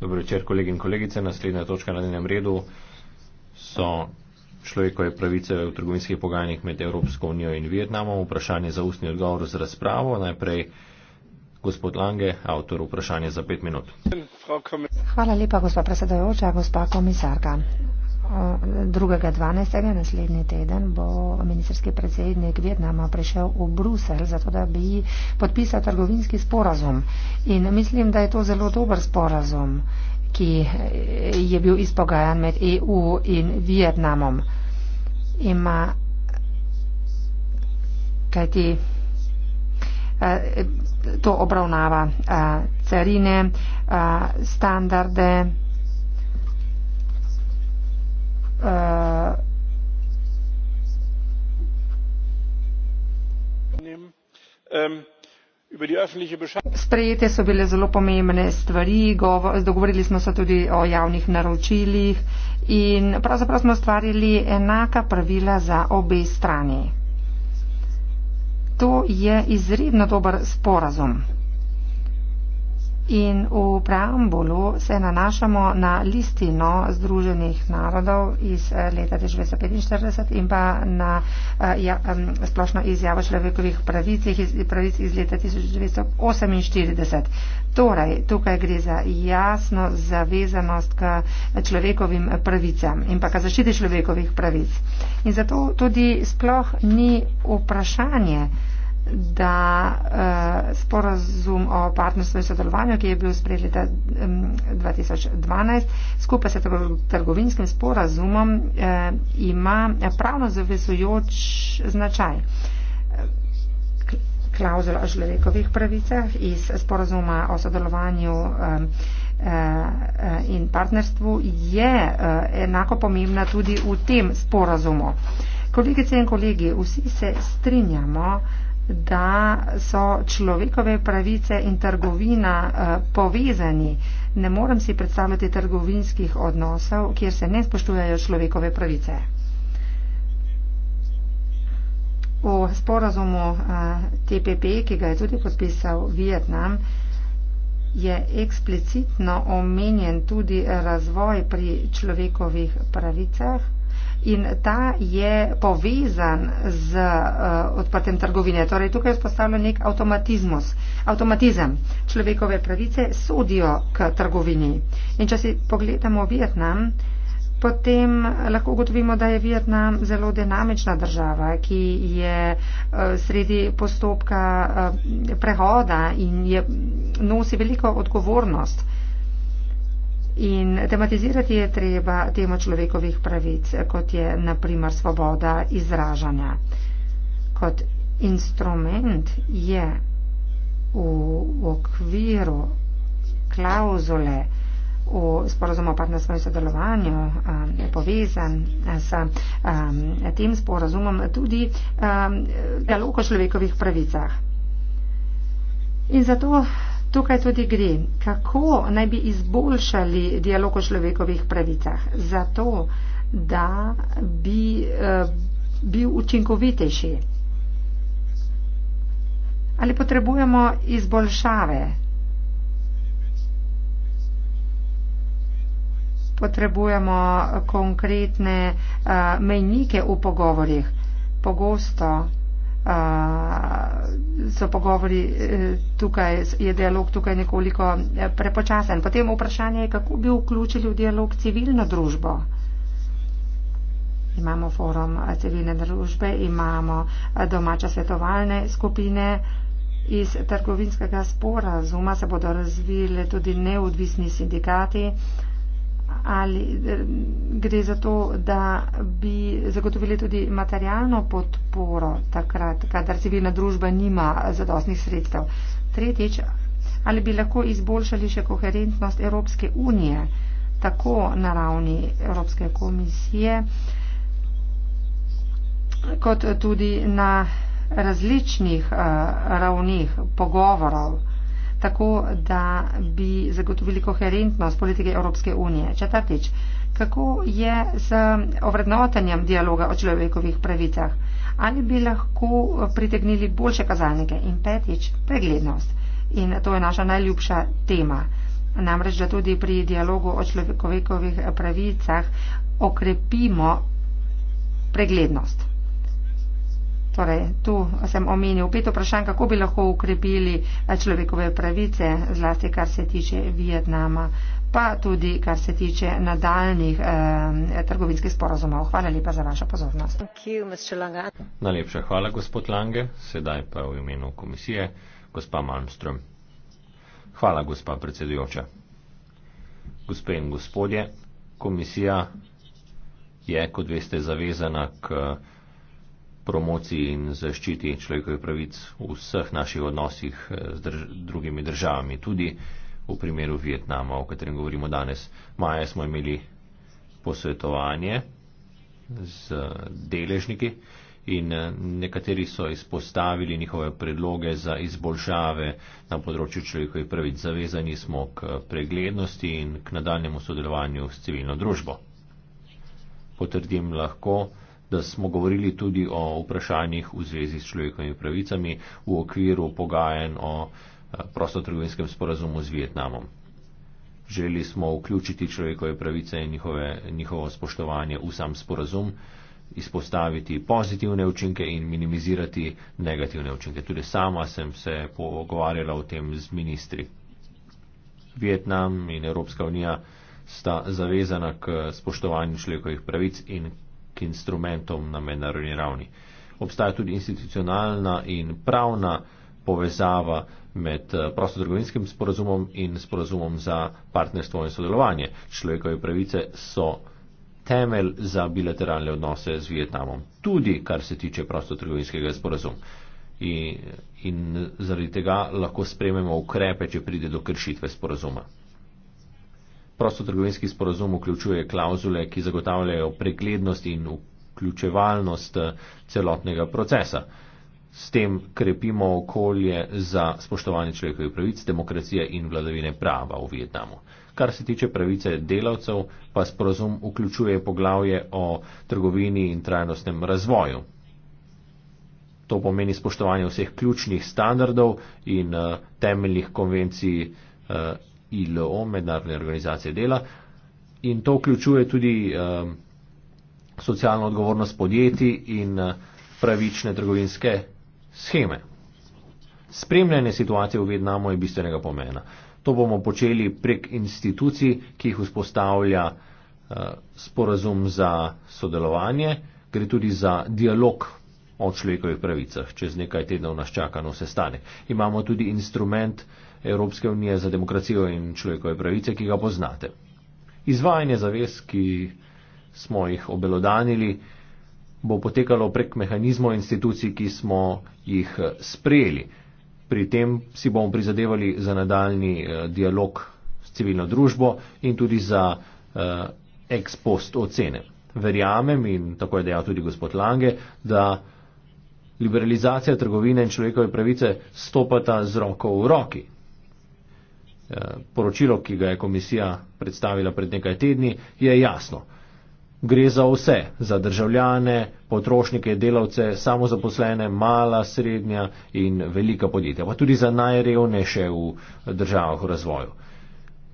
Dobro večer, kolegi in kolegice. Naslednja točka na dnevnem redu so človekove pravice v trgovinskih pogajanjih med Evropsko unijo in Vietnamom. Vprašanje za ustni odgovor z razpravo. Najprej gospod Lange, avtor vprašanja za pet minut. Hvala lepa, gospod predsedajoča, gospod komisarka. 2. 12. naslednji teden bo ministerski predsednik Vietnama prišel v Brusel, zato da bi podpisal trgovinski sporazum. In mislim, da je to zelo dober sporazum, ki je bil izpogajan med EU in Vietnamom. Ima kajti eh, to obravnava eh, carine, eh, standarde, Ehm, sprejete so bile zelo pomembne stvari dogovorili smo se tudi o javnih naročilih in pravzaprav smo ustvarili enaka pravila za obe strani to je izredno dober sporazum In v preambulu se nanašamo na listino Združenih narodov iz eh, leta 1945 in pa na eh, ja, splošno izjavo človekovih pravic iz, pravic iz leta 1948. Torej, tukaj gre za jasno zavezanost k človekovim pravicam in pa k zaščiti človekovih pravic. In zato tudi sploh ni vprašanje, da eh, sporazum o partnerstvu in sodelovanju, ki je bil sprejet leta 2012, skupaj s trgovinskim sporazumom eh, ima pravno zavezujoč značaj. Klauzul o človekovih pravicah iz sporazuma o sodelovanju eh, eh, in partnerstvu je eh, enako pomembna tudi v tem sporazumu. Kolegice in kolegi, vsi se strinjamo, da so človekove pravice in trgovina eh, povezani. Ne morem si predstavljati trgovinskih odnosov, kjer se ne spoštujejo človekove pravice. V sporazumu eh, TPP, ki ga je tudi podpisal Vietnam, je eksplicitno omenjen tudi razvoj pri človekovih pravicah in ta je povezan z uh, eh, odprtjem trgovine. Torej, tukaj je vzpostavljen nek avtomatizem. Človekove pravice sodijo k trgovini. In če si pogledamo Vietnam, potem lahko ugotovimo, da je Vietnam zelo dinamična država, ki je uh, sredi postopka uh, prehoda in je, nosi veliko odgovornost. Uh, In tematizirati je treba temo človekovih pravic, kot je naprimer svoboda izražanja. Kot instrument je v okviru klauzule v sporozumu o partnerstvu in sodelovanju um, povezan eh, s um, tem sporozumom tudi um, dialog o človekovih pravicah. In zato Tukaj tudi gre, kako naj bi izboljšali dialog o človekovih pravicah, zato da bi uh, bil učinkovitejši. Ali potrebujemo izboljšave? Potrebujemo konkretne uh, mejnike v pogovorjih. Pogosto so pogovori e, tukaj, je dialog tukaj nekoliko e, prepočasen. Potem vprašanje je, kako bi vključili v dialog civilno družbo. Imamo forum e, civilne družbe, imamo domače svetovalne skupine. Iz trgovinskega spora zuma se bodo razvile tudi neodvisni sindikati. Uh, ali eh, gre za to, da bi zagotovili tudi materialno podporo takrat, kadar civilna družba nima zadostnih sredstev. Tretjič, ali bi lahko izboljšali še koherentnost Evropske unije, tako na ravni Evropske komisije, kot tudi na različnih uh, eh, ravnih pogovorov tako da bi zagotovili koherentnost politike Evropske unije. Četrtič, kako je z ovrednotenjem dialoga o človekovih pravicah? Ali bi lahko pritegnili boljše kazalnike? In petič, preglednost. In to je naša najljubša tema. Namreč, da tudi pri dialogu o človekovih pravicah okrepimo preglednost. Torej, tu sem omenil pet vprašanj, kako bi lahko ukrepili eh, človekove pravice, zlasti kar se tiče Vietnama, pa tudi kar se tiče nadaljnih eh, trgovinskih sporozumov. Hvala lepa za vašo pozornost. You, Najlepša hvala, gospod Lange. Sedaj pa v imenu komisije, gospa Malmström. Hvala, gospa predsedujoča. Gospe in gospodje, komisija je, kot veste, zavezana k promociji in zaščiti človekovih pravic v vseh naših odnosih eh, z drž drugimi državami, tudi v primeru Vietnama, o katerem govorimo danes. Maja smo imeli posvetovanje z eh, deležniki in eh, nekateri so izpostavili njihove predloge za izboljšave na področju človekovih pravic. Zavezani smo k preglednosti in k nadaljemu sodelovanju s civilno družbo. Potrdim lahko, da smo govorili tudi o vprašanjih v zvezi s človekovimi pravicami v okviru pogajanj o eh, prostotrgovinskem sporazumu z Vietnamom. Želeli smo vključiti človekove pravice in njihove, njihovo spoštovanje v sam sporazum, izpostaviti pozitivne učinke in minimizirati negativne učinke. Tudi sama sem se pogovarjala o tem z ministri. Vietnam in Evropska unija sta zavezana k spoštovanju človekovih pravic in k instrumentom na mednarodni ravni. Obstaja tudi institucionalna in pravna povezava med eh, prostotrgovinskim sporazumom in sporazumom za partnerstvo in sodelovanje. Človekove pravice so temelj za bilateralne odnose z Vietnamom, tudi kar se tiče prostotrgovinskega sporazuma. In, in zaradi tega lahko sprememo ukrepe, če pride do kršitve sporazuma prostotrgovinski sporozum vključuje klauzule, ki zagotavljajo preglednost in vključevalnost eh, celotnega procesa. S tem krepimo okolje za spoštovanje človekovih pravic, demokracije in vladavine prava v Vietnamu. Kar se tiče pravice delavcev, pa sporozum vključuje poglavje o trgovini in trajnostnem razvoju. To pomeni spoštovanje vseh ključnih standardov in uh, temeljnih konvencij uh, ILO, mednarodne organizacije dela, in to vključuje tudi um, socialno odgovornost podjetij in uh, pravične trgovinske scheme. Spremljanje situacije v Vietnamu je bistvenega pomena. To bomo počeli prek institucij, ki jih vzpostavlja uh, sporazum za sodelovanje, gre tudi za dialog o človekovih pravicah. Čez nekaj tednov nas čaka nov sestanek. Imamo tudi instrument, uh, Evropske unije za demokracijo in človekove pravice, ki ga poznate. Izvajanje zavez, ki smo jih obelodanili, bo potekalo prek mehanizmov institucij, ki smo jih eh, sprejeli. Pri tem si bomo prizadevali za nadaljni eh, dialog s civilno družbo in tudi za uh, ex post ocene. Verjamem in tako je dejal tudi gospod Lange, da liberalizacija trgovine in človekove pravice stopata z roko v roki. Eh, poročilo, ki ga je komisija predstavila pred nekaj tedni, je jasno. Gre za vse, za državljane, potrošnike, delavce, samozaposlene, mala, srednja in velika podjetja, pa tudi za najrevnejše v državah v razvoju.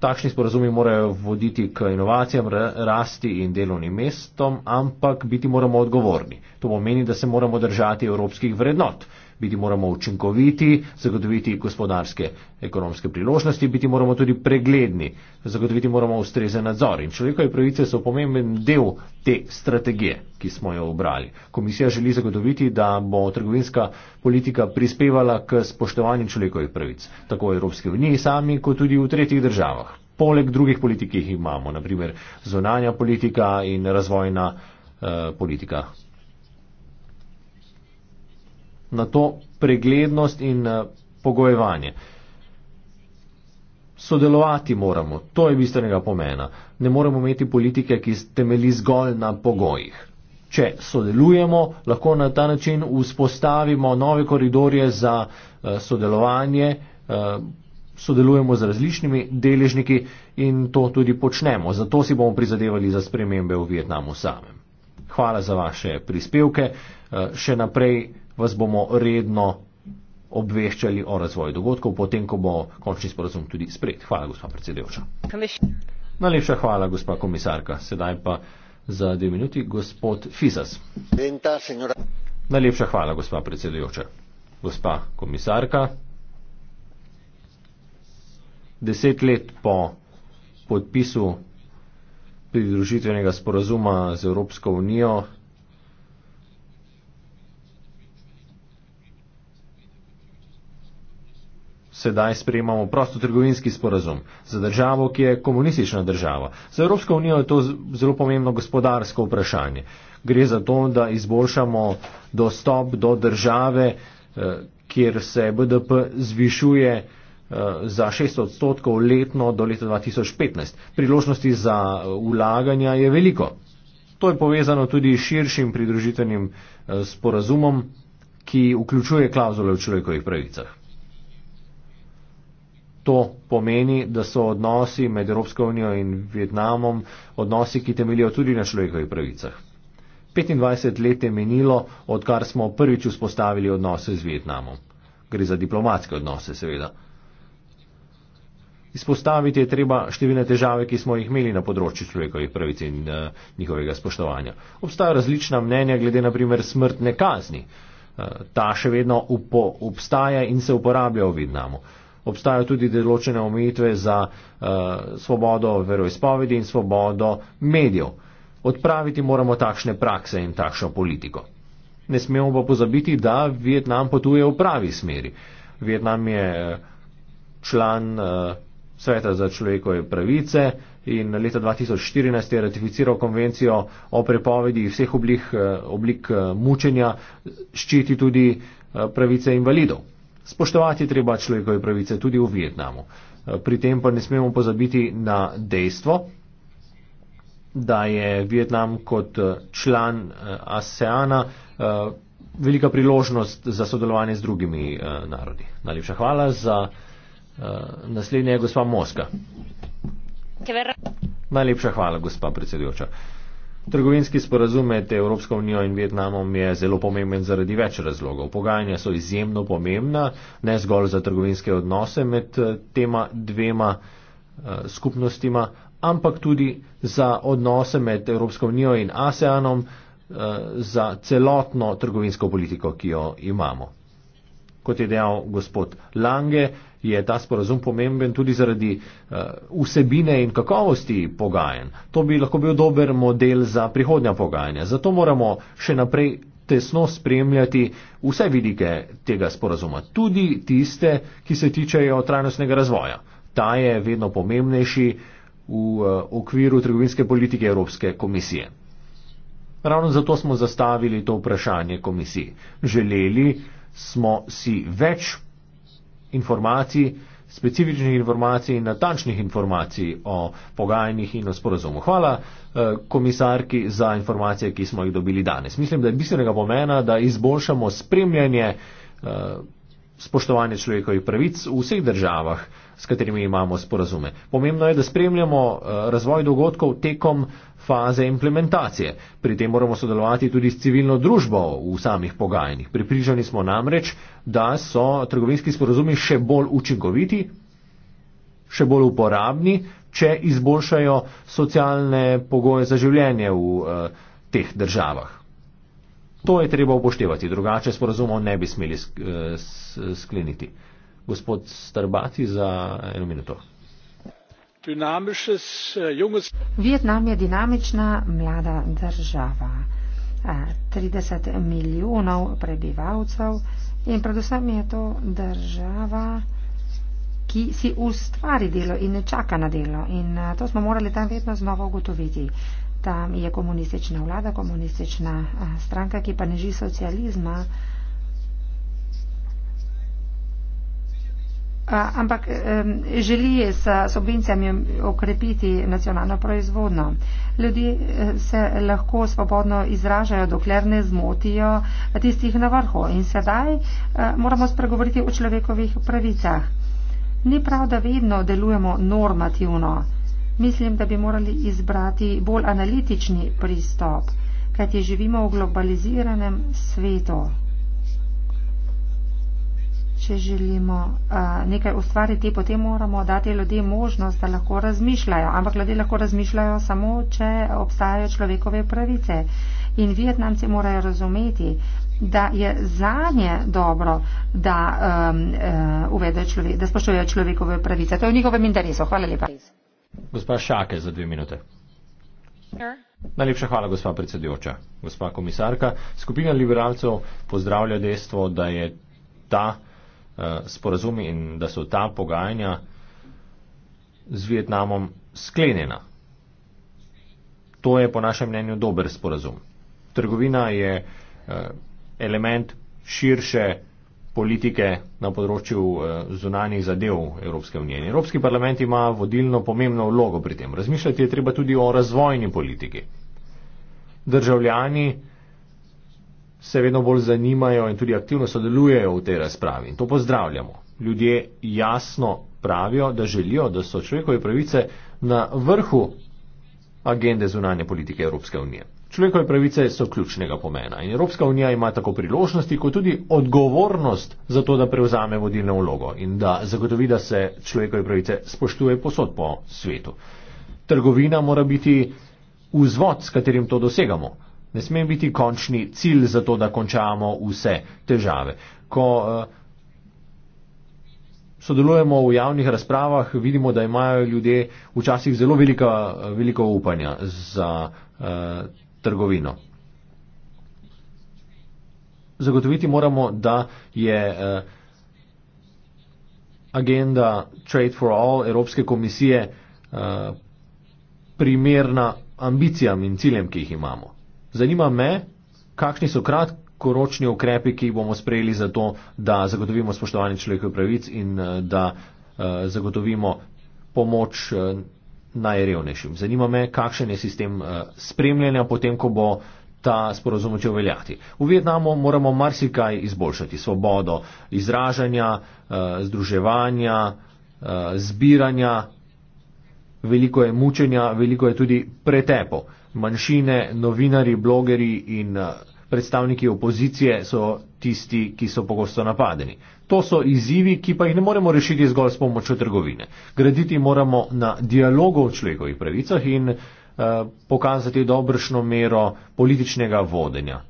Takšni sporazumi morajo voditi k inovacijam, rasti in delovnim mestom, ampak biti moramo odgovorni. To pomeni, da se moramo držati evropskih vrednot biti moramo učinkoviti, zagotoviti gospodarske ekonomske priložnosti, biti moramo tudi pregledni, zagotoviti moramo ustrezen nadzor. In človekove pravice so pomemben del te strategije, ki smo jo obrali. Komisija želi zagotoviti, da bo trgovinska politika prispevala k spoštovanju človekovih pravic, tako v Evropski uniji sami, kot tudi v tretjih državah. Poleg drugih politik, ki jih imamo, naprimer zunanja politika in razvojna eh, politika na to preglednost in eh, pogojevanje. Sodelovati moramo, to je bistvenega pomena. Ne moremo imeti politike, ki temeli zgolj na pogojih. Če sodelujemo, lahko na ta način vzpostavimo nove koridorje za eh, sodelovanje, eh, sodelujemo z različnimi deležniki in to tudi počnemo. Zato si bomo prizadevali za spremembe v Vietnamu samem. Hvala za vaše prispevke. Še naprej vas bomo redno obveščali o razvoju dogodkov, potem, ko bo končni sporozum tudi sprejet. Hvala, gospa predsedevča. Najlepša hvala, gospa komisarka. Sedaj pa za dve minuti gospod Fizas. Najlepša hvala, gospa predsedujoča. Gospa komisarka, deset let po podpisu pridružitvenega sporazuma z Evropsko unijo sedaj sprejemamo prostotrgovinski sporazum za državo, ki je komunistična država. Za Evropsko unijo je to zelo pomembno gospodarsko vprašanje. Gre za to, da izboljšamo dostop do države, eh, kjer se BDP zvišuje eh, za 6 odstotkov letno do leta 2015. Priložnosti za ulaganja eh, je veliko. To je povezano tudi s širšim pridružitvenim sporazumom, ki vključuje klauzule o človekovih pravicah to pomeni, da so odnosi med Evropsko unijo in Vietnamom odnosi, ki temeljijo tudi na človekovih pravicah. 25 let je menilo, odkar smo prvič vzpostavili odnose z Vietnamom. Gre za diplomatske odnose, seveda. Izpostaviti je treba številne težave, ki smo jih imeli na področju človekovih pravic in uh, njihovega spoštovanja. Obstajajo različna mnenja glede na primer smrtne kazni. Uh, ta še vedno upo, obstaja in se uporablja v Vietnamu. Uh, obstajajo tudi deločene omejitve za uh, svobodo veroizpovedi in svobodo medijev. Odpraviti moramo takšne prakse in takšno politiko. Ne smemo pa pozabiti, da Vietnam potuje v pravi smeri. Vietnam je eh, član uh, Sveta za človekove pravice in leta 2014 je ratificiral konvencijo o prepovedi vseh oblik, uh, oblik mučenja, ščiti tudi uh, pravice invalidov spoštovati treba človekove pravice tudi v Vietnamu. Pri tem pa ne smemo pozabiti na dejstvo, da je Vietnam kot eh, član eh, ASEANA eh, velika priložnost za sodelovanje z drugimi narodi. Najlepša hvala za naslednje, gospa Moska. Najlepša hvala, gospa predsedujoča. Trgovinski sporazum med Evropsko unijo in Vietnamom je zelo pomemben zaradi več razlogov. Pogajanja so izjemno pomembna, ne zgolj za trgovinske odnose med eh, tema dvema eh, skupnostima, ampak tudi za odnose med Evropsko unijo in ASEANom, eh, za celotno trgovinsko politiko, ki jo imamo kot je dejal gospod Lange, je ta sporazum pomemben tudi zaradi uh, vsebine in kakovosti pogajanj. To bi lahko bil dober model za prihodnja pogajanja. Zato moramo še naprej tesno spremljati vse vidike tega sporazuma, tudi tiste, ki se tičejo trajnostnega razvoja. Ta je vedno pomembnejši v uh, okviru trgovinske politike Evropske komisije. Ravno zato smo zastavili to vprašanje komisiji. Želeli smo si več informacij, specifičnih informacij in natančnih informacij o pogajanjih in o sporazumu. Hvala eh, komisarki za informacije, ki smo jih dobili danes. Mislim, da je bistvenega pomena, da izboljšamo spremljanje eh, spoštovanje človekovih pravic v vseh državah, s katerimi imamo sporazume. Pomembno je, da spremljamo eh, razvoj dogodkov tekom faze implementacije. Pri tem moramo sodelovati tudi s civilno družbo v samih pogajanjih. Pripričani smo namreč, da so trgovinski sporazumi še bolj učinkoviti, še bolj uporabni, če izboljšajo socialne pogoje za življenje v eh, teh državah. To je treba upoštevati, drugače sporozumov ne bi smeli eh, skleniti. Gospod Starbati za eno minuto. Eh, Vietnam je dinamična mlada država. 30 eh, milijonov prebivalcev in predvsem je to država, ki si ustvari delo in ne čaka na delo. In to smo morali tam vedno znova ugotoviti. Tam je komunistična vlada, komunistična stranka, ki pa ne ži socializma, ampak želi s subvencijami okrepiti nacionalno proizvodno. Ljudje e, se lahko svobodno izražajo, dokler ne zmotijo tistih na vrhu. In sedaj e, moramo spregovoriti o človekovih pravicah. Ni prav, da vedno delujemo normativno mislim, da bi morali izbrati bolj analitični pristop, kajti živimo v globaliziranem svetu. Če želimo a, nekaj ustvariti, potem moramo dati ljudem možnost, da lahko razmišljajo. Ampak ljudje lahko razmišljajo samo, če obstajajo človekove pravice. In Vietnamci morajo razumeti, da je zanje dobro, da, um, uh, uvedejo, da spoštujejo človekove pravice. To je v njihovem interesu. Hvala lepa. Gospa Šake za dve minute. Najlepša hvala, gospa predsedujoča. Gospa komisarka, skupina liberalcev pozdravlja dejstvo, da je ta uh, sporazum in da so ta pogajanja z Vietnamom sklenjena. To je po našem mnenju dober sporazum. Trgovina je uh, element širše politike na področju eh, zunanih zadev Evropske unije. Evropski parlament ima vodilno pomembno vlogo pri tem. Razmišljati je treba tudi o razvojni politiki. Državljani se vedno bolj zanimajo in tudi aktivno sodelujejo v tej razpravi. In to pozdravljamo. Ljudje jasno pravijo, da želijo, da so človekove pravice na vrhu agende zunanje politike Evropske unije. Človekove pravice so ključnega pomena in Evropska unija ima tako priložnosti, kot tudi odgovornost za to, da prevzame vodilno vlogo in da zagotovi, da se človekove pravice spoštuje posod po svetu. Trgovina mora biti vzvod, s katerim to dosegamo. Ne sme biti končni cilj za to, da končamo vse težave. Ko eh, sodelujemo v javnih razpravah, vidimo, da imajo ljudje včasih zelo velika, veliko upanja za. Eh, trgovino. Zagotoviti moramo, da je eh, agenda Trade for All Evropske komisije eh, primerna ambicijam in ciljem, ki jih imamo. Zanima me, kakšni so kratkoročni ukrepi, ki jih bomo sprejeli za to, da zagotovimo spoštovanje človekovih pravic in eh, da zagotovimo pomoč najrevnejšim. Zanima me, kakšen je sistem eh, spremljanja potem, ko bo ta sporozum začel veljati. V Vietnamu moramo marsikaj izboljšati. Svobodo izražanja, eh, združevanja, eh, zbiranja, veliko je mučenja, veliko je tudi pretepo. Manjšine, novinari, blogeri in predstavniki opozicije so tisti, ki so pogosto napadeni. To so izzivi, ki pa jih ne moremo rešiti zgolj s pomočjo trgovine. Graditi moramo na dialogu o človekovih pravicah in uh, pokazati dobršno mero političnega vodenja.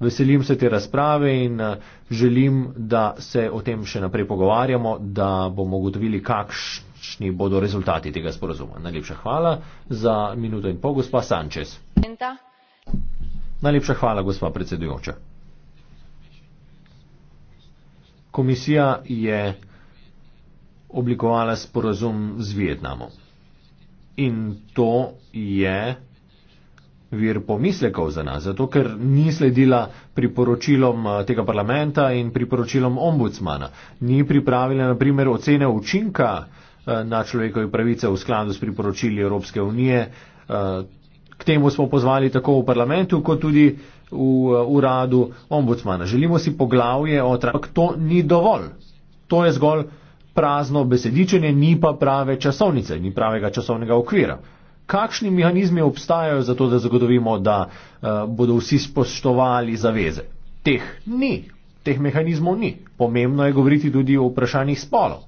Veselim se te razprave in eh, želim, da se o tem še naprej pogovarjamo, da bomo ugotovili, kakšni bodo rezultati tega sporozuma. Najlepša hvala za minuto in pol, gospa Sančez. Najlepša hvala, gospa predsedujoča. Komisija je oblikovala sporazum z Vietnamom in to je vir pomislekov za nas, zato ker ni sledila priporočilom eh, tega parlamenta in priporočilom ombudsmana. Ni pripravila, na primer, ocene učinka eh, na človekove pravice v skladu s priporočili Evropske unije. Eh, K temu smo pozvali tako v parlamentu, kot tudi v uh, uradu ombudsmana. Želimo si poglavje o travi, ampak to ni dovolj. To je zgolj prazno besedičenje, ni pa prave časovnice, ni pravega časovnega okvira. Kakšni mehanizmi obstajajo za to, da zagotovimo, da uh, bodo vsi spoštovali zaveze? Teh ni, teh mehanizmov ni. Pomembno je govoriti tudi o vprašanjih spolov.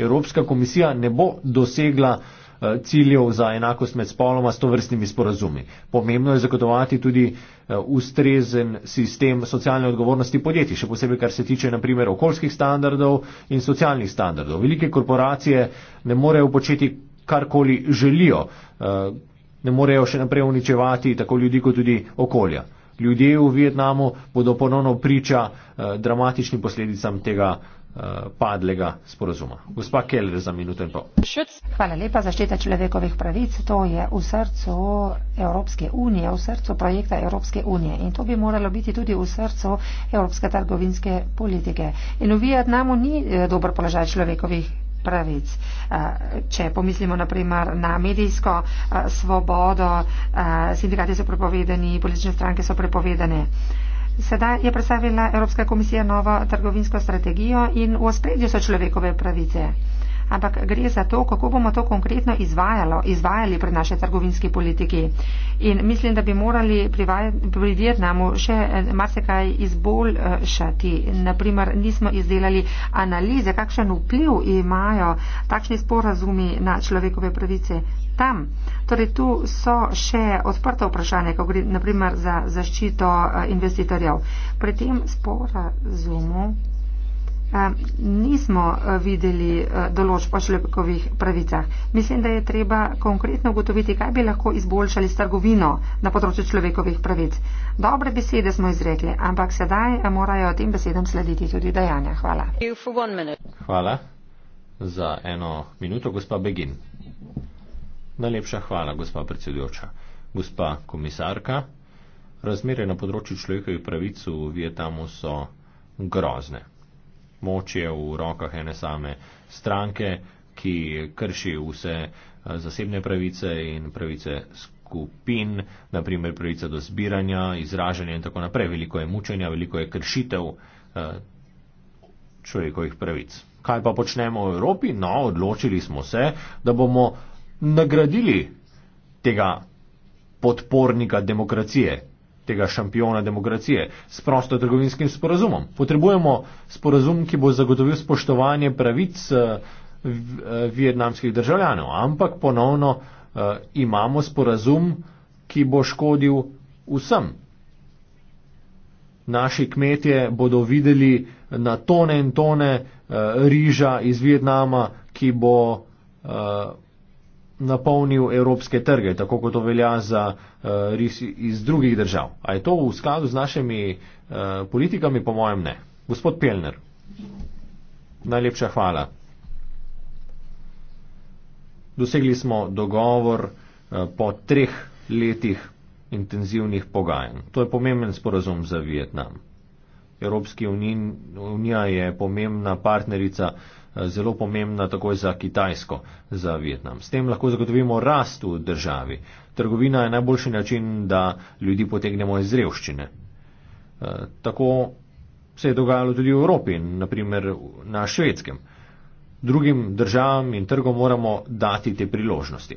Evropska komisija ne bo dosegla uh, Eh, ciljev za enakost med spoloma s to vrstnimi sporazumi. Pomembno je zagotovati tudi eh, ustrezen sistem socialne odgovornosti podjetij, še posebej kar se tiče naprimer okoljskih standardov in socialnih standardov. Velike korporacije ne morejo početi karkoli želijo, eh, ne morejo še naprej uničevati tako ljudi kot tudi okolja. Ljudje v Vietnamu bodo ponovno priča eh, dramatičnim posledicam tega Eh, padlega sporozuma. Gospa Keller za minuto in pol. Hvala lepa za ščita človekovih pravic. To je v srcu Evropske unije, v srcu projekta Evropske unije in to bi moralo biti tudi v srcu Evropske trgovinske politike. In v Vietnamu ni eh, dober položaj človekovih pravic. Eh, če pomislimo naprimer na medijsko svobodo, sindikati so prepovedani, politične stranke so prepovedane. Sedaj je predstavila Evropska komisija novo trgovinsko strategijo in v ospredju so človekove pravice ampak gre za to, kako bomo to konkretno izvajali pri naši trgovinski politiki. In mislim, da bi morali pri Vietnamu še eh, marsikaj izboljšati. Naprimer, nismo izdelali analize, kakšen vpliv imajo takšni sporazumi na človekove pravice tam. Torej, tu so še odprta vprašanja, ko gre naprimer za zaščito eh, investitorjev. Pri tem sporazumu nismo eh, videli eh, določb o človekovih pravicah. Mislim, da je treba konkretno ugotoviti, kaj bi lahko izboljšali s trgovino na področju človekovih pravic. Dobre besede smo izrekli, ampak sedaj eh, morajo tem besedam slediti tudi dejanja. Hvala. Hvala za eno minuto, gospa Begin. Najlepša hvala, gospa predsedujoča. Gospa komisarka, razmere na področju človekovih pravic v Vietnamu so grozne moč je v rokah ene same stranke, ki krši vse eh, zasebne pravice in pravice skupin, naprimer pravice do zbiranja, izražanja in tako naprej. Veliko je mučenja, veliko je kršitev eh, človekovih pravic. Kaj pa počnemo v Evropi? No, odločili smo se, da bomo nagradili tega podpornika demokracije, tega šampiona demokracije s prostotrgovinskim sporazumom. Potrebujemo sporazum, ki bo zagotovil spoštovanje pravic eh, eh, vietnamskih državljanov, ampak ponovno eh, imamo sporazum, ki bo škodil vsem. Naši kmetje bodo videli na tone in tone uh, riža iz Vietnama, ki bo uh, napolnil evropske trge, tako kot to velja za uh, eh, ris iz drugih držav. A je to v skladu z našimi uh, politikami, po mojem ne. Gospod Pelner, najlepša hvala. Dosegli smo dogovor uh, po treh letih intenzivnih pogajanj. To je pomemben sporazum za Vietnam. Evropska unija je pomembna partnerica uh, Eh, zelo pomembna tako za Kitajsko, za Vietnam. S tem lahko zagotovimo rast v državi. Trgovina je najboljši način, da ljudi potegnemo iz revščine. Eh, tako se je dogajalo tudi v Evropi, naprimer na švedskem. Drugim državam in trgom moramo dati te priložnosti.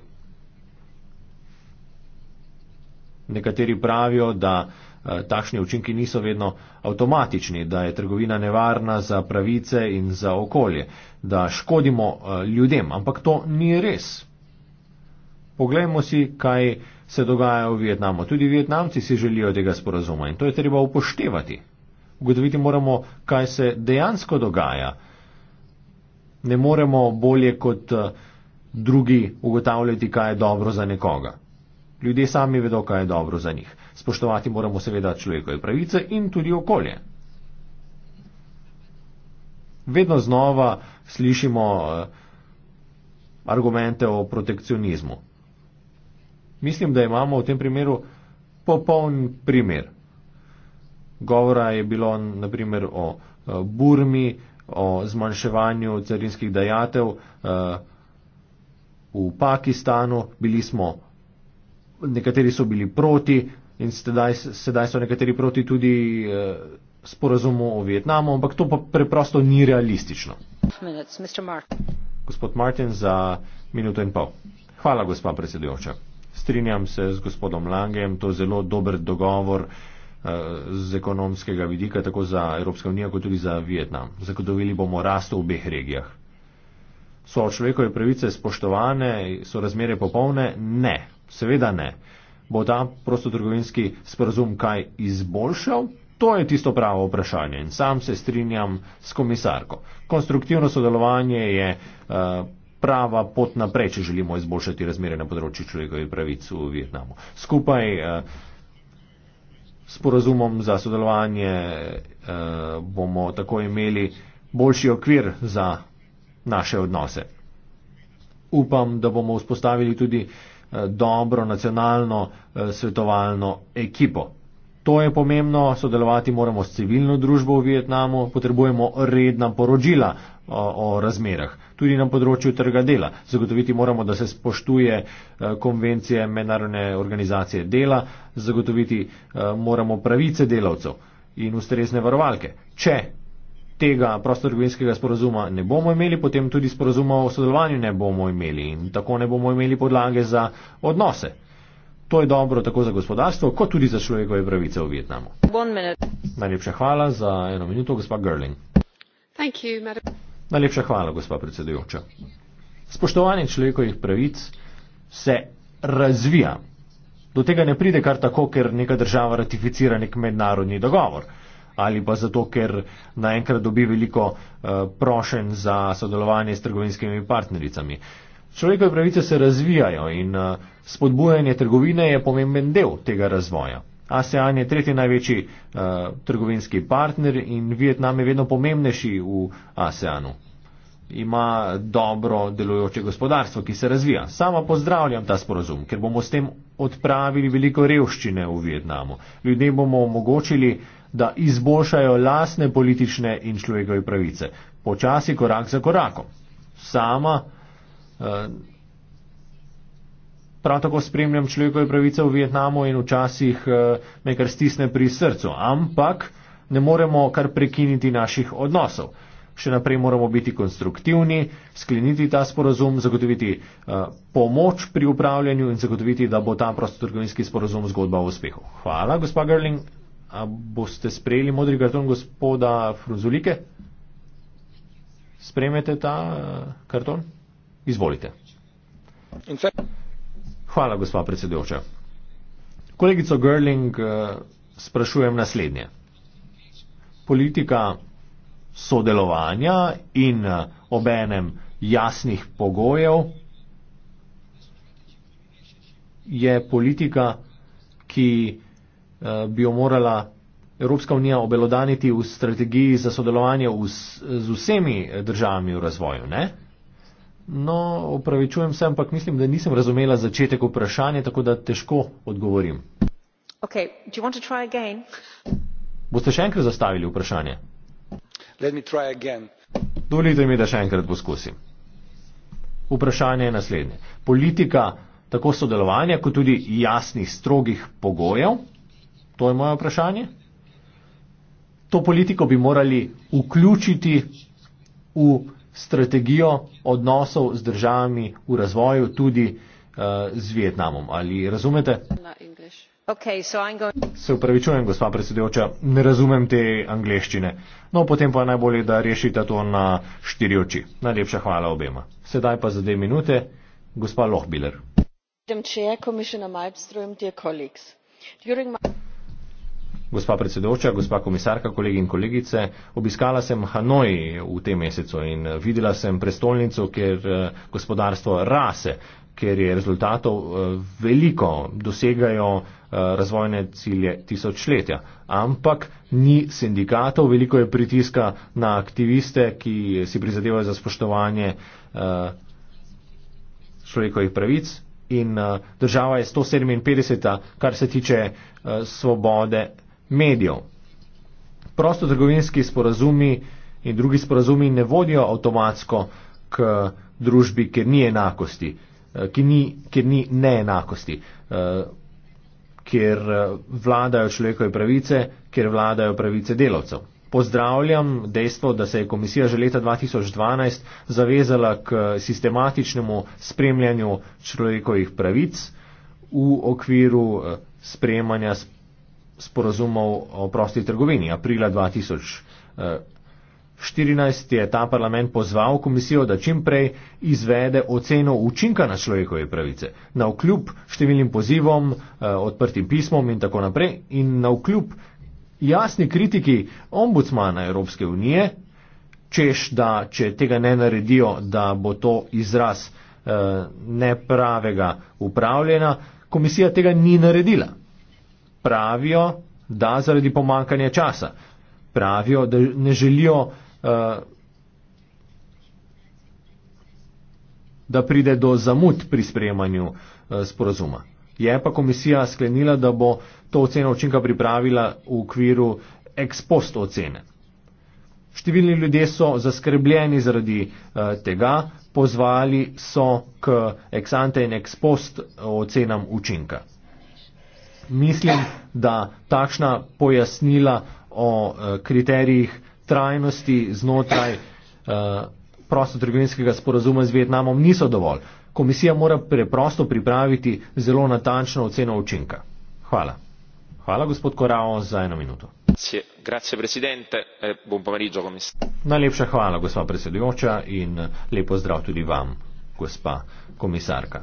Nekateri pravijo, da Eh, takšni učinki niso vedno avtomatični, da je trgovina nevarna za pravice in za okolje, da škodimo eh, ljudem, ampak to ni res. Poglejmo si, kaj se dogaja v Vietnamu. Tudi Vietnamci si želijo tega sporazuma in to je treba upoštevati. Ugotoviti moramo, kaj se dejansko dogaja. Ne moremo bolje kot eh, drugi ugotavljati, kaj je dobro za nekoga. Ljudje sami vedo, kaj je dobro za njih. Spoštovati moramo seveda človekove pravice in tudi okolje. Vedno znova slišimo eh, argumente o protekcionizmu. Mislim, da imamo v tem primeru popoln primer. Govora je bilo naprimer o eh, burmi, o zmanjševanju carinskih dajatev eh, v Pakistanu. Bili smo, nekateri so bili proti, in sedaj, sedaj so nekateri proti tudi eh, sporazumu o Vietnamu, ampak to pa preprosto ni realistično. Gospod Martin za minuto in pol. Hvala, gospa predsedujoča. Strinjam se z gospodom Langem, to je zelo dober dogovor eh, z ekonomskega vidika, tako za Evropsko unijo, kot tudi za Vietnam. Zagotovili bomo rast v obeh regijah. So človekove pravice spoštovane, so razmere popolne? Ne, seveda ne bo ta prostotrgovinski sporozum kaj izboljšal? To je tisto pravo vprašanje in sam se strinjam s komisarko. Konstruktivno sodelovanje je eh, prava pot naprej, če želimo izboljšati razmere na področju človekovih pravic v Vietnamu. Skupaj eh, s porazumom za sodelovanje eh, bomo tako imeli boljši okvir za naše odnose. Upam, da bomo vzpostavili tudi uh, Eh, dobro nacionalno eh, svetovalno ekipo. To je pomembno, sodelovati moramo s civilno družbo v Vietnamu, potrebujemo redna poročila eh, o razmerah, tudi na področju trga dela. Zagotoviti moramo, da se spoštuje konvencije mednarodne organizacije dela, zagotoviti moramo pravice delavcev in ustrezne varovalke. Če tega prostorovinskega sporozuma ne bomo imeli, potem tudi sporozuma o sodelovanju ne bomo imeli in tako ne bomo imeli podlage za odnose. To je dobro tako za gospodarstvo, kot tudi za človekove pravice v Vietnamu. Najlepša hvala za eno minuto, gospa Gerling. You, Najlepša hvala, gospa predsedujoča. Spoštovanje človekovih pravic se razvija. Do tega ne pride kar tako, ker neka država ratificira nek mednarodni dogovor ali pa zato, ker naenkrat dobi veliko eh, prošen za sodelovanje s trgovinskimi partnericami. Človekove pravice se razvijajo in eh, spodbujanje trgovine je pomemben del tega razvoja. ASEAN je tretji največji uh, trgovinski partner in Vietnam je vedno pomembnejši v ASEANu. Ima dobro delujoče gospodarstvo, ki se razvija. Sama pozdravljam ta sporozum, ker bomo s tem odpravili veliko revščine v Vietnamu. Ljudem bomo omogočili uh, da izboljšajo lasne politične in človekove pravice. Počasi, korak za korakom. Sama eh, prav tako spremljam človekove pravice v Vietnamu in včasih eh, me kar stisne pri srcu, ampak ne moremo kar prekiniti naših odnosov. Še naprej moramo biti konstruktivni, skleniti ta sporozum, zagotoviti eh, pomoč pri upravljanju in zagotoviti, da bo ta prostotrgovinski sporozum zgodba o uspehu. Hvala, gospa Gerling. A boste sprejeli modri karton gospoda Fruzulike? Spremete ta eh, karton? Izvolite. Hvala, gospa predsedujoča. Kolegico Gerling eh, sprašujem naslednje. Politika sodelovanja in eh, obenem jasnih pogojev je politika, ki Eh, bi jo morala Evropska unija obelodaniti v strategiji za sodelovanje v, z vsemi državami v razvoju. Ne? No, upravičujem se, ampak mislim, da nisem razumela začetek vprašanja, tako da težko odgovorim. Okay. Boste še enkrat zastavili vprašanje? Dovolite mi, da še enkrat poskusim. Vprašanje je naslednje. Politika tako sodelovanja, kot tudi jasnih, strogih pogojev To je moje vprašanje. To politiko bi morali vključiti v strategijo odnosov z državami v razvoju, tudi uh, z Vietnamom. Ali razumete? Okay, so going... Se upravičujem, gospa predsedujoča, ne razumem te angleščine. No, potem pa najbolje, da rešite to na štiri oči. Najlepša hvala obema. Sedaj pa za dve minute, gospa Lohbiller. Gospa predsedovča, gospa komisarka, kolegi in kolegice, obiskala sem Hanoj v tem mesecu in eh, videla sem prestolnico, kjer eh, gospodarstvo rase, kjer je rezultatov eh, veliko, dosegajo razvojne cilje tisočletja. Ampak ni sindikatov, veliko je pritiska na aktiviste, ki si prizadevajo za spoštovanje človekovih pravic. In država je 157, kar se tiče svobode medijev. Prostotrgovinski sporazumi in drugi sporazumi ne vodijo avtomatsko k družbi, kjer ni enakosti, eh, kjer ni, kjer ni neenakosti, eh, kjer eh, vladajo človekove pravice, kjer vladajo pravice delavcev. Pozdravljam dejstvo, da se je komisija že leta 2012 zavezala k sistematičnemu spremljanju človekovih pravic v okviru sprejemanja sporazumov o prosti trgovini. Aprila 2014 eh, je ta parlament pozval komisijo, da čimprej izvede oceno učinka na človekove pravice. Na vkljub številnim pozivom, eh, odprtim pismom in tako naprej in na vkljub jasni kritiki ombudsmana Evropske unije, češ da, če tega ne naredijo, da bo to izraz eh, nepravega upravljena, komisija tega ni naredila pravijo, da zaradi pomankanja časa. Pravijo, da ne želijo, eh, da pride do zamud pri sprejemanju eh, sporozuma. Je pa komisija sklenila, da bo to oceno učinka pripravila v okviru ex post ocene. Številni ljudje so zaskrbljeni zaradi eh, tega, pozvali so k ex ante in ex post ocenam učinka mislim, da takšna pojasnila o uh, kriterijih trajnosti znotraj uh, prostotrgovinskega sporazuma z Vietnamom niso dovolj. Komisija mora preprosto pripraviti zelo natančno oceno učinka. Hvala. Hvala, gospod Korao, za eno minuto. Grazie, presidente. Eh, buon pomeriggio, komisar. Najlepša hvala, gospod predsedujoča, in lepo zdrav tudi vam, gospa komisarka.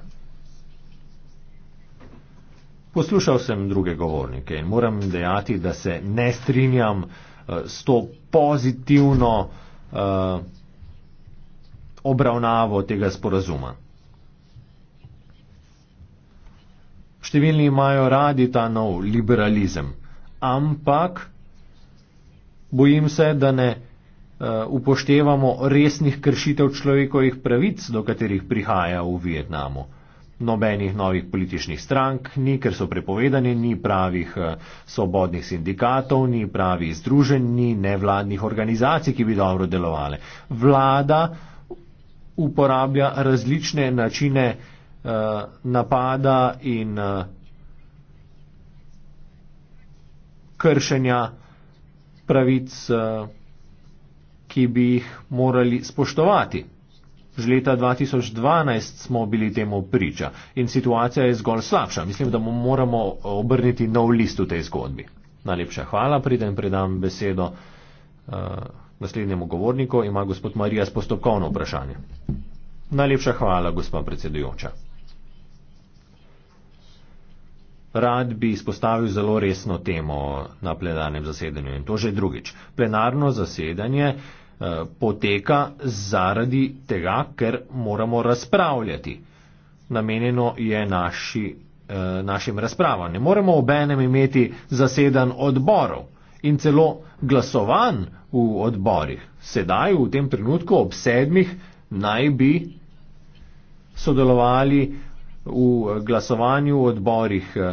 Poslušal sem druge govornike in moram dejati, da se ne strinjam eh, s to pozitivno eh, obravnavo tega sporazuma. Številni imajo radi ta nov liberalizem, ampak bojim se, da ne eh, upoštevamo resnih kršitev človekovih pravic, do katerih prihaja v Vietnamu nobenih novih političnih strank, ni, ker so prepovedane, ni pravih eh, svobodnih sindikatov, ni pravih združenj, ni nevladnih organizacij, ki bi dobro delovale. Vlada uporablja različne načine uh, napada in uh, kršenja pravic, uh, ki bi jih morali spoštovati. Z leta 2012 smo bili temu priča in situacija je zgolj slabša. Mislim, da mu moramo obrniti nov list v tej zgodbi. Najlepša hvala, pridem predam besedo uh, naslednjemu govorniku. Ima gospod Marija s postopkovno vprašanje. Najlepša hvala, gospa predsedujoča. Rad bi izpostavil zelo resno temo na plenarnem zasedanju in to že drugič. Plenarno zasedanje uh, Eh, poteka zaradi tega, ker moramo razpravljati. Namenjeno je naši, eh, našim razpravam. Ne moremo obenem imeti zasedan odborov in celo glasovan v odborih. Sedaj, v tem trenutku, ob sedmih, naj bi sodelovali v glasovanju v odborih eh,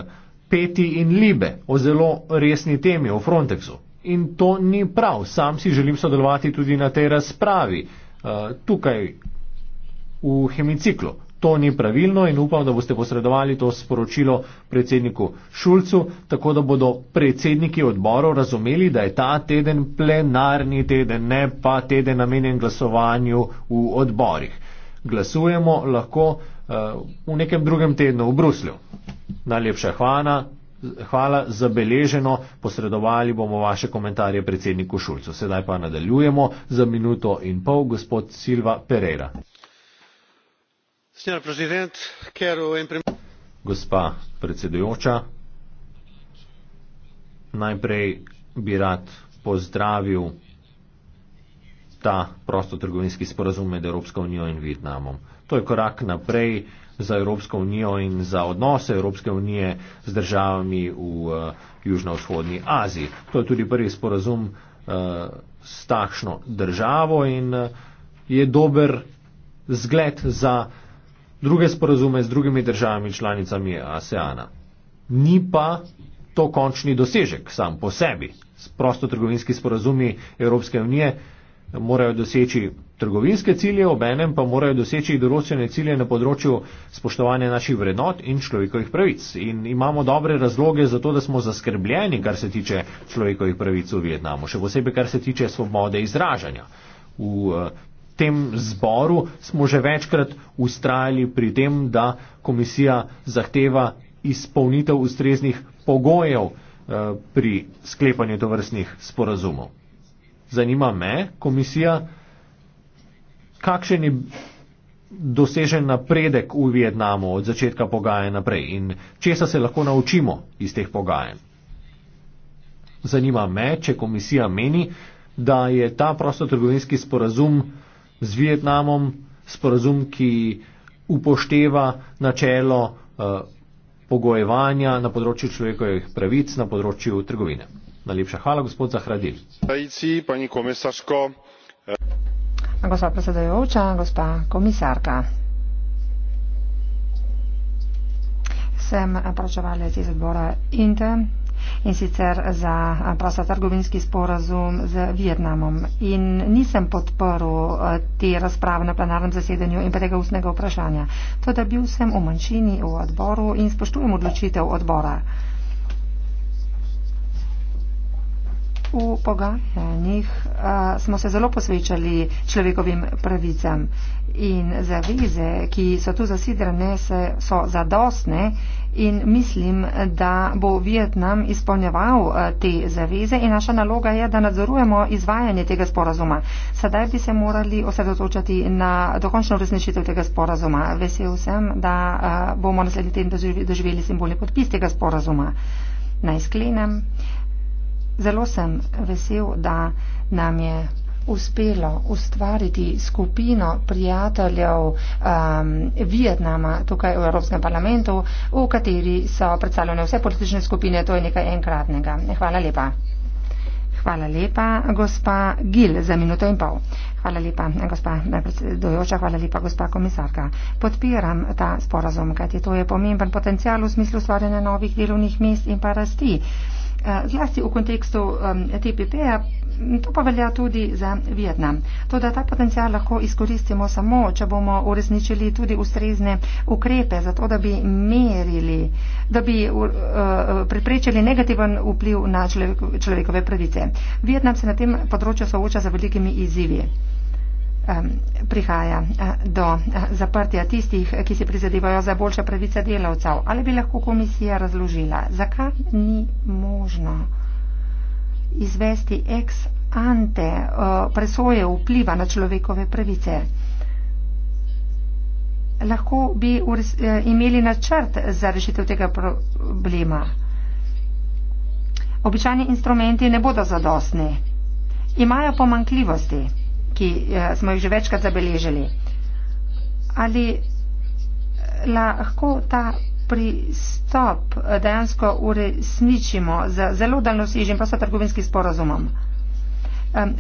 peti in libe o zelo resni temi, o Frontexu in to ni prav. Sam si želim sodelovati tudi na tej razpravi uh, tukaj v hemiciklu. To ni pravilno in upam, da boste posredovali to sporočilo predsedniku Šulcu, tako da bodo predsedniki odborov razumeli, da je ta teden plenarni teden, ne pa teden namenjen glasovanju v odborih. Glasujemo lahko uh, v nekem drugem tednu v Bruslju. Najlepša hvala, Hvala za beleženo, posredovali bomo vaše komentarje predsedniku Šulcu. Sedaj pa nadaljujemo za minuto in pol, gospod Silva Pereira. Gospa predsedujoča, najprej bi rad pozdravil ta prostotrgovinski sporazum med Evropsko unijo in Vietnamom. To je korak naprej za Evropsko unijo in za odnose Evropske unije z državami v uh, južno-vzhodni Aziji. To je tudi prvi sporazum uh, s takšno državo in uh, je dober zgled za druge sporazume z drugimi državami članicami ASEANA. Ni pa to končni dosežek sam po sebi. Prostotrgovinski sporazumi Evropske unije uh, morajo doseči trgovinske cilje, obenem pa morajo doseči določene cilje na področju spoštovanja naših vrednot in človekovih pravic. In imamo dobre razloge za to, da smo zaskrbljeni, kar se tiče človekovih pravic v Vietnamu, še posebej, kar se tiče svobode izražanja. V eh, tem zboru smo že večkrat ustrajali pri tem, da komisija zahteva izpolnitev ustreznih pogojev eh, pri sklepanju tovrstnih sporazumov zanima me, komisija, kakšen je dosežen napredek v Vietnamu od začetka pogajanja naprej in česa se lahko naučimo iz teh pogajanj. Zanima me, če komisija meni, da je ta prostotrgovinski sporazum z Vietnamom sporazum, ki upošteva načelo uh, pogojevanja na področju človekovih pravic, na področju trgovine. Najlepša hvala, gospod Zahradil. Eh, gospa predsedajoča, gospa komisarka. Sem pročevalec iz odbora INTE in sicer za prostotrgovinski sporazum z Vietnamom. In nisem podporil eh, te razprave na plenarnem zasedanju in pa tega ustnega vprašanja. Tudi bil sem v manjšini v odboru in spoštujem odločitev odbora. v pogajanjih smo se zelo posvečali človekovim pravicam in zavize, ki so tu zasidrane, so zadostne in mislim, da bo Vietnam izpolnjeval te zaveze in naša naloga je, da nadzorujemo izvajanje tega sporazuma. Sedaj bi se morali osredotočati na dokončno uresničitev tega sporazuma. Vesel sem, da bomo naslednji teden doživeli simbolni podpis tega sporazuma. Naj sklenem. Zelo sem vesel, da nam je uspelo ustvariti skupino prijateljev um, Vietnama tukaj v Evropskem parlamentu, v kateri so predstavljene vse politične skupine. To je nekaj enkratnega. Hvala lepa. Hvala lepa, gospa Gil, za minuto in pol. Hvala lepa, gospa predsedujoča, hvala lepa, gospa komisarka. Podpiram ta sporazum, kajti to je pomemben potencial v smislu stvarjanja novih delovnih mest in pa rasti. Uh, Eh, zlasti v kontekstu TPP-ja, to pa velja tudi za Vietnam. To, da ta potencial lahko izkoristimo samo, če bomo uresničili tudi ustrezne ukrepe za to, da bi merili, da bi eh, preprečili negativen vpliv na človekove pravice. Vietnam se na tem področju sooča z velikimi izzivi prihaja eh, do eh, zaprtja tistih, ki si prizadevajo za boljše pravice delavcev. Ali bi lahko komisija razložila, zakaj ni možno izvesti ex ante eh, presoje vpliva na človekove pravice? Lahko bi imeli načrt za rešitev tega problema. Običajni instrumenti ne bodo zadostni. Imajo pomankljivosti ki eh, smo jih že večkrat zabeležili. Ali eh, lahko ta pristop eh, dejansko uresničimo z zelo daljnosežnim prostotrgovinskim sporozumom?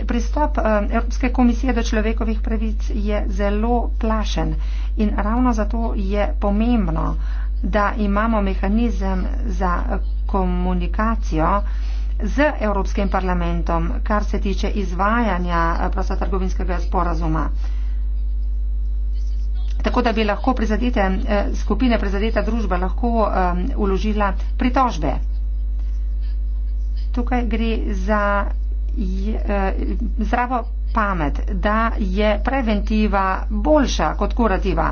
Pristop Evropske komisije do človekovih pravic je zelo plašen in ravno zato je pomembno, da imamo mehanizem za komunikacijo, z Evropskim parlamentom, kar se tiče izvajanja eh, prostotrgovinskega sporazuma. Tako da bi lahko prizadete, eh, skupine prizadeta družba lahko eh, uložila pritožbe. Tukaj gre za zdravo pamet, da je preventiva boljša kot kurativa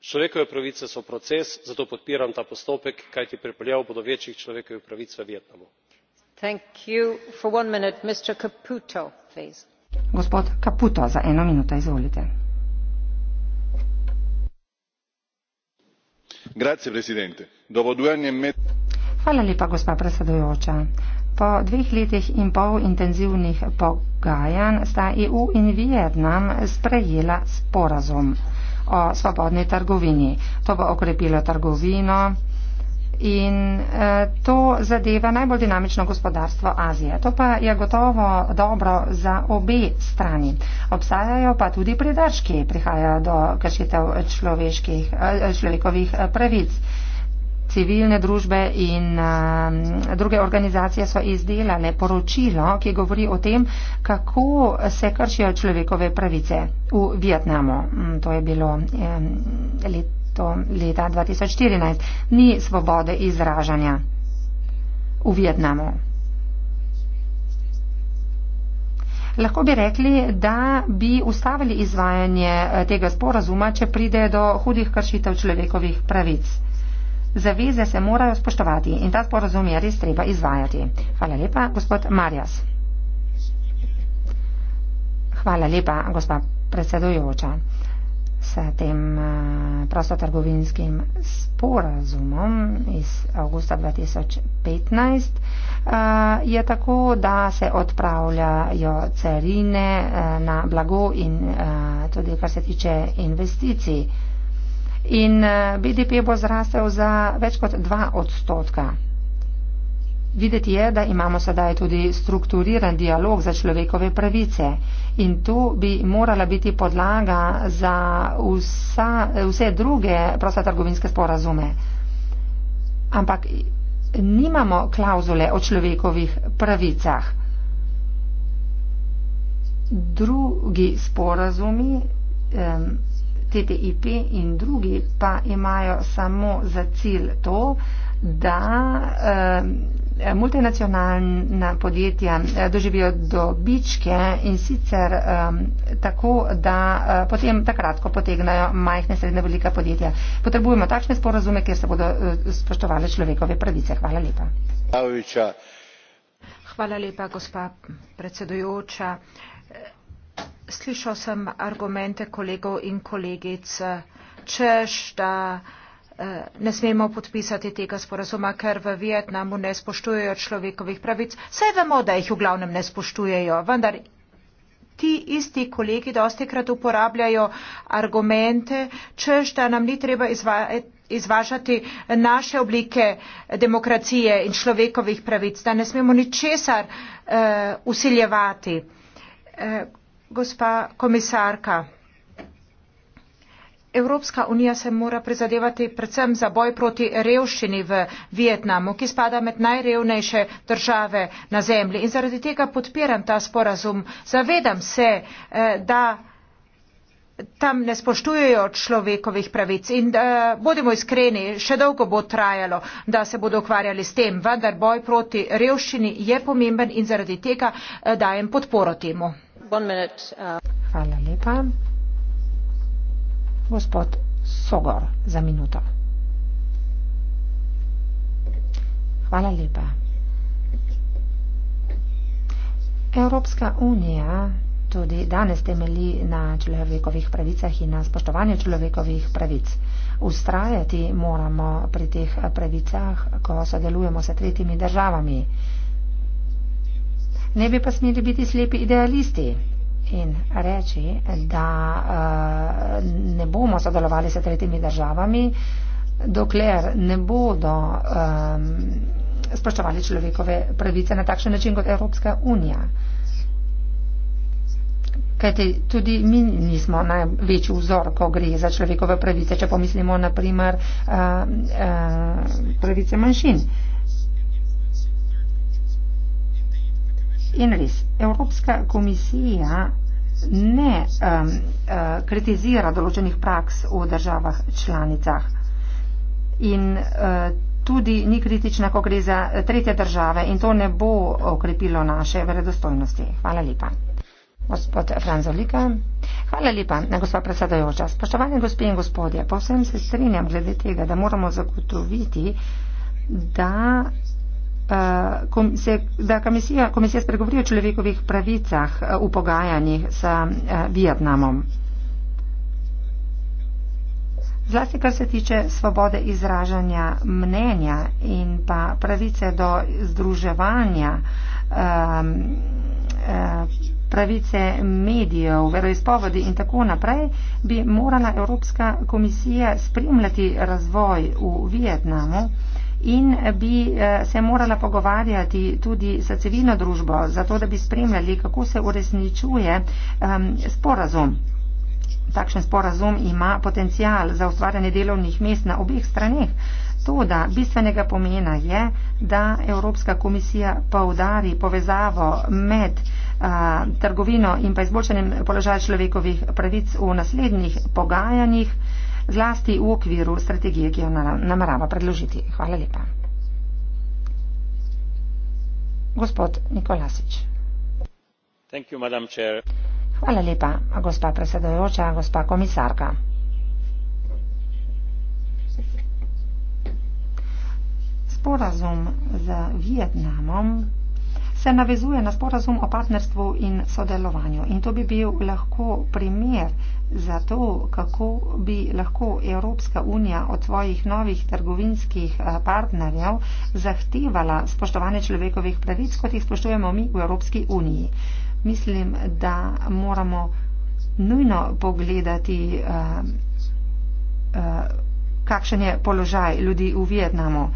človekove pravice so proces zato podpiram ta postopek kajti pripeljal bo do večjih človekovih pravic v vietnamu. E po dveh letih in pol intenzivnih pogajanj sta eu in vietnam sprejela sporazum o svobodni trgovini. To bo okrepilo trgovino in eh, to zadeva najbolj dinamično gospodarstvo Azije. To pa je gotovo dobro za obe strani. Obstajajo pa tudi pridržki, prihajajo do kršitev eh, človekovih eh, pravic civilne družbe in uh, druge organizacije so izdelale poročilo, ki govori o tem, kako se kršijo človekove pravice v Vietnamu. Mm, to je bilo um, leto, leta 2014. Ni svobode izražanja v Vietnamu. Lahko bi rekli, da bi ustavili izvajanje eh, tega sporazuma, če pride do hudih kršitev človekovih pravic zaveze se morajo spoštovati in ta sporozum je res treba izvajati. Hvala lepa, gospod Marjas. Hvala lepa, gospa predsedujoča. S tem eh, prostotrgovinskim sporazumom iz avgusta 2015 eh, je tako, da se odpravljajo carine eh, na blago in tudi kar se tiče investicij in eh, BDP bo zrasel za več kot 2 odstotka. Videti je, da imamo sedaj tudi strukturiran dialog za človekove pravice in tu bi morala biti podlaga za vsa, vse druge prostotrgovinske sporazume. Ampak nimamo klauzule o človekovih pravicah. Drugi sporazumi. Eh, TTIP in drugi pa imajo samo za cilj to, da eh, multinacionalna podjetja eh, doživijo dobičke in sicer eh, tako, da eh, potem takratko potegnajo majhne srednje velika podjetja. Potrebujemo takšne sporazume, kjer se bodo eh, spoštovali človekove pravice. Hvala lepa. Hvala lepa, gospa predsedujoča slišal sem argumente kolegov in kolegic, eh, češ, da eh, ne smemo podpisati tega sporazuma, ker v Vietnamu ne spoštujejo človekovih pravic. Vse vemo, da jih v glavnem ne spoštujejo, vendar ti isti kolegi dostikrat uporabljajo argumente, češ, da nam ni treba izvajati izvažati naše oblike demokracije in človekovih pravic, da ne smemo ničesar uh, eh, usiljevati. Uh, Gospa komisarka, Evropska unija se mora prizadevati predvsem za boj proti revščini v Vietnamu, ki spada med najrevnejše države na zemlji. In zaradi tega podpiram ta sporazum. Zavedam se, eh, da tam ne spoštujejo človekovih pravic. In da, eh, bodimo iskreni, še dolgo bo trajalo, da se bodo ukvarjali s tem. Vendar boj proti revščini je pomemben in zaradi tega eh, dajem podporo temu. Uh, hvala lepa gospod Sogor za minuto hvala lepa Evropska unija tudi danes temeli na človekovih pravicah in na spoštovanju človekovih pravic. Ustrajati moramo pri teh pravicah, ko sodelujemo s tretjimi državami ne bi pa smeli biti slepi idealisti in reči, da uh, ne bomo sodelovali s tretjimi državami, dokler ne bodo um, spoštovali človekove pravice na takšen način kot Evropska unija. Kajti tudi mi nismo največji vzor, ko gre za človekove pravice, če pomislimo na primer uh, uh, pravice manjšin. Uh, In res, Evropska komisija ne um, uh, kritizira določenih praks v državah članicah in uh, tudi ni kritična, ko gre za tretje države in to ne bo okrepilo naše veredostojnosti. Hvala lepa. Gospod Franzolika. Hvala lepa, gospod predsedajoča. Spoštovane gospe in gospodje, povsem se strinjam glede tega, da moramo zagotoviti, da Eh, da komisija, komisija spregovori o človekovih pravicah eh, v pogajanjih s eh, Vietnamom. Zlasti, kar se tiče svobode izražanja mnenja in pa pravice do združevanja, ehm, pravice medijev, veroizpovedi in tako naprej, bi morala Evropska komisija spremljati razvoj v Vietnamu in bi eh, se morala pogovarjati tudi sa civilno družbo, zato da bi spremljali, kako se uresničuje um, sporazum. Takšen sporazum ima potencial za ustvarjanje delovnih mest na obeh straneh. Toda bistvenega pomena je, da Evropska komisija poudari povezavo med a, trgovino in pa izboljšanjem položaja človekovih pravic v naslednjih pogajanjih zlasti v okviru strategije, ki jo namerava predložiti. Hvala lepa. Gospod Nikolasič. Thank you, Hvala lepa, gospa predsedojoča, gospa komisarka. Sporazum z Vietnamom se navezuje na sporazum o partnerstvu in sodelovanju. In to bi bil lahko primer za to, kako bi lahko Evropska unija od svojih novih trgovinskih eh, partnerjev zahtevala spoštovanje človekovih pravic, kot jih spoštujemo mi v Evropski uniji. Mislim, da moramo nujno pogledati, eh, eh, kakšen je položaj ljudi v Vietnamu.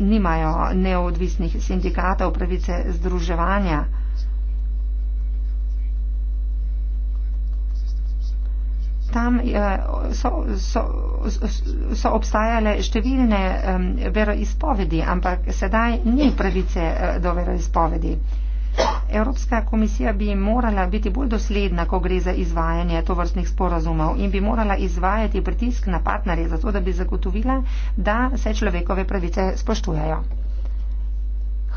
Nimajo neodvisnih sindikatov pravice združevanja. tam eh, so, so, so obstajale številne veroizpovedi, ampak sedaj ni pravice eh, do veroizpovedi. Evropska komisija bi morala biti bolj dosledna, ko gre za izvajanje tovrstnih sporazumov in bi morala izvajati pritisk na partnerje, zato da bi zagotovila, da se človekove pravice spoštujajo.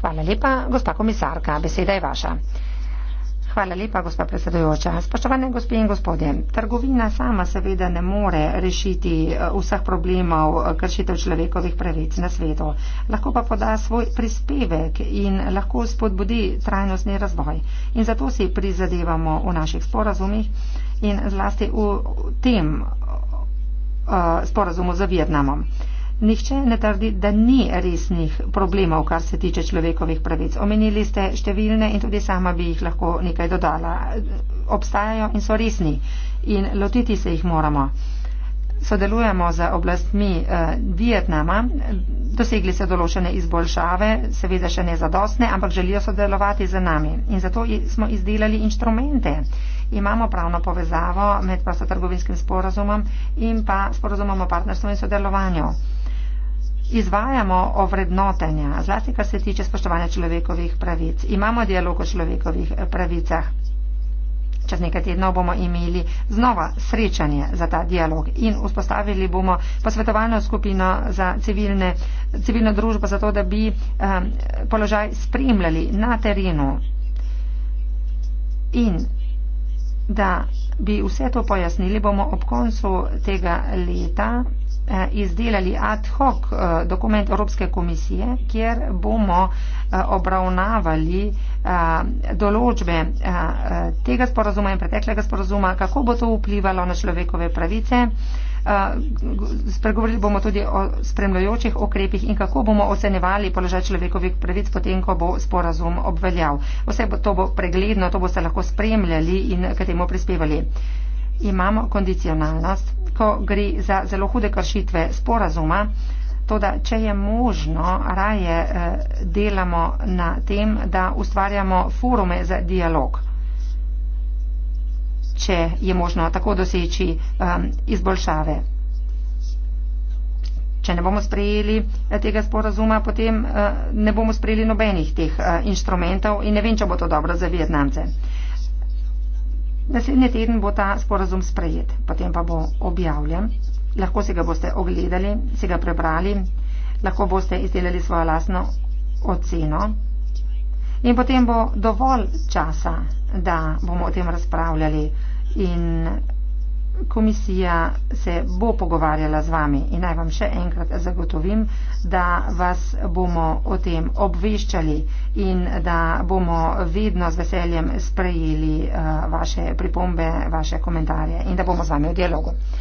Hvala lepa, gospa komisarka, beseda je vaša. Hvala lepa, gospa predsedujoča. Spoštovane gospe in gospodje, trgovina sama seveda ne more rešiti eh, vseh problemov eh, kršitev človekovih pravic na svetu. Lahko pa poda svoj prispevek in lahko spodbudi trajnostni razvoj. In zato si prizadevamo v naših sporazumih in zlasti v tem uh, sporazumu za Vietnamom. Nihče ne trdi, da ni resnih problemov, kar se tiče človekovih pravic. Omenili ste številne in tudi sama bi jih lahko nekaj dodala. Obstajajo in so resni in lotiti se jih moramo. Sodelujemo z oblastmi eh, Vietnama, dosegli so določene izboljšave, seveda še ne zadostne, ampak želijo sodelovati z nami. In zato smo izdelali inštrumente. Imamo pravno povezavo med prostotrgovinskim sporazumom in pa sporazumom o partnerstvu in sodelovanju izvajamo ovrednotenja, zlasti kar se tiče spoštovanja človekovih pravic. Imamo dialog o človekovih pravicah. Čez nekaj tednov bomo imeli znova srečanje za ta dialog in vzpostavili bomo posvetovalno skupino za civilne, civilno družbo, zato da bi um, položaj spremljali na terenu in da bi vse to pojasnili, bomo ob koncu tega leta Eh, izdelali ad hoc eh, dokument Evropske komisije, kjer bomo eh, obravnavali določbe tega sporazuma in preteklega sporazuma, kako bo to vplivalo na človekove pravice. Spregovorili bomo tudi o spremljajočih okrepih in kako bomo ocenjevali položaj človekovih pravic, potem, ko bo sporazum obveljal. Vse to bo pregledno, to boste lahko spremljali in k temu prispevali imamo kondicionalnost, ko gre za zelo hude kršitve sporazuma, to da če je možno, raje eh, delamo na tem, da ustvarjamo forume za dialog. Če je možno tako doseči um, izboljšave. Če ne bomo sprejeli eh, tega sporazuma, potem uh, ne bomo sprejeli nobenih teh uh, inštrumentov in ne vem, če bo to dobro za Vietnamce. Uh, Naslednji teden bo ta sporazum sprejet, potem pa bo objavljen. Lahko si ga boste ogledali, si ga prebrali, lahko boste izdelali svojo lastno oceno. In potem bo dovolj časa, da bomo o tem razpravljali in komisija se bo pogovarjala z vami in naj vam še enkrat zagotovim, da vas bomo o tem obveščali in da bomo vedno z veseljem sprejeli eh, vaše pripombe, vaše komentarje in da bomo z vami v dialogu.